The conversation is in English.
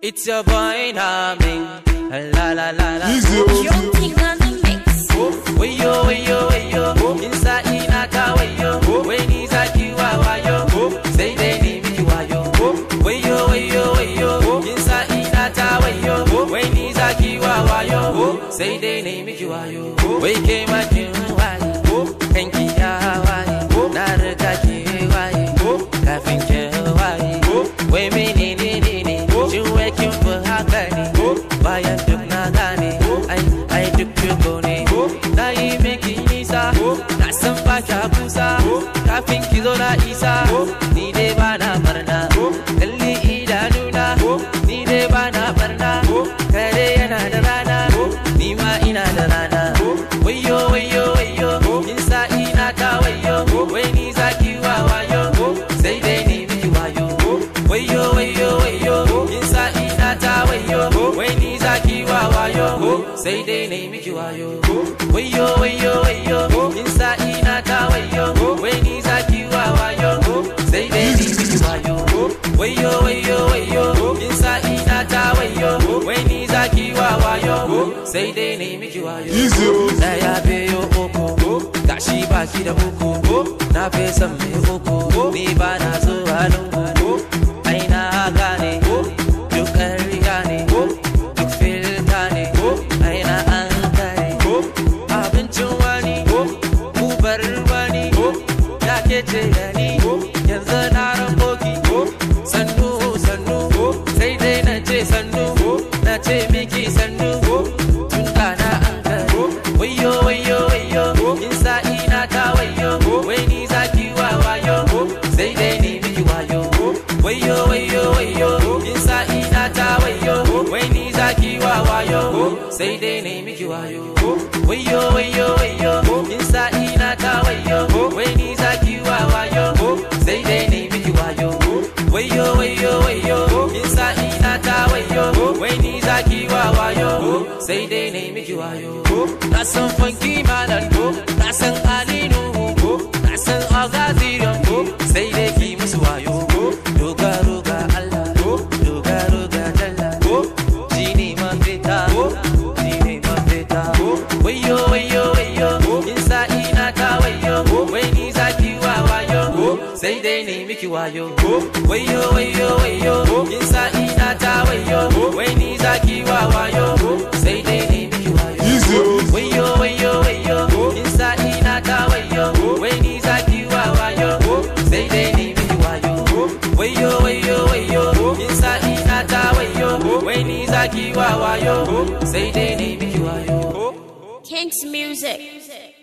It's your boy Nami. La la la la. Easy, easy. Your thing on the mix. Way yo, way yo, way yo. Oh. Inside Inaka, way yo. Way Nisa Kiwa, way yo. Say they need me, Kiwa, oh. yo. Way yo, way yo, way oh. yo. Inside Inaka, way yo. Way Nisa Kiwa, way yo. Say they name me, Kiwa, yo. Way came at you. ki zo na isa ni ne ba na barna kalli idanuna ni ne ba na barna kare yana da rana ni ma ina da rana wayo wayo wayo in sa ina ta wayo wai ni za ki wa wayo sai dai ni miki wayo wayo wayo wayo in sa ina ta wayo wai ni za ki wa wayo sai dai ni miki wayo wayo wayo wayo in sa ina ta wayo sai dai na yi miki wayo na ya biyo koko gashi baki da koko na fi san me koko ni ba na zo zuwa lungu ai na gane duk riga ne duk ta ne ai na an kare abincin wani kubar wani ya ke ce da ni yanzu na rabu Say they name it you are you. Way yo, way yo, way yo. Inside inata way yo. you are yo. Say they name it you are you. Way yo, way yo, way yo. Inside inata way yo. you are yo. Say they name it you are yo. That's some funky man sai dai ne miki wayo wayo wayo wayo kin sa ina ta wayo wai ni zaki wa wayo sai dai ne miki wayo wayo wayo wayo kin sa ina ta wayo wai ni zaki wa wayo sai dai ne miki wayo wayo wayo wayo kin sa ina ta wayo wai ni zaki wa wayo sai dai ne miki wayo Kinks music.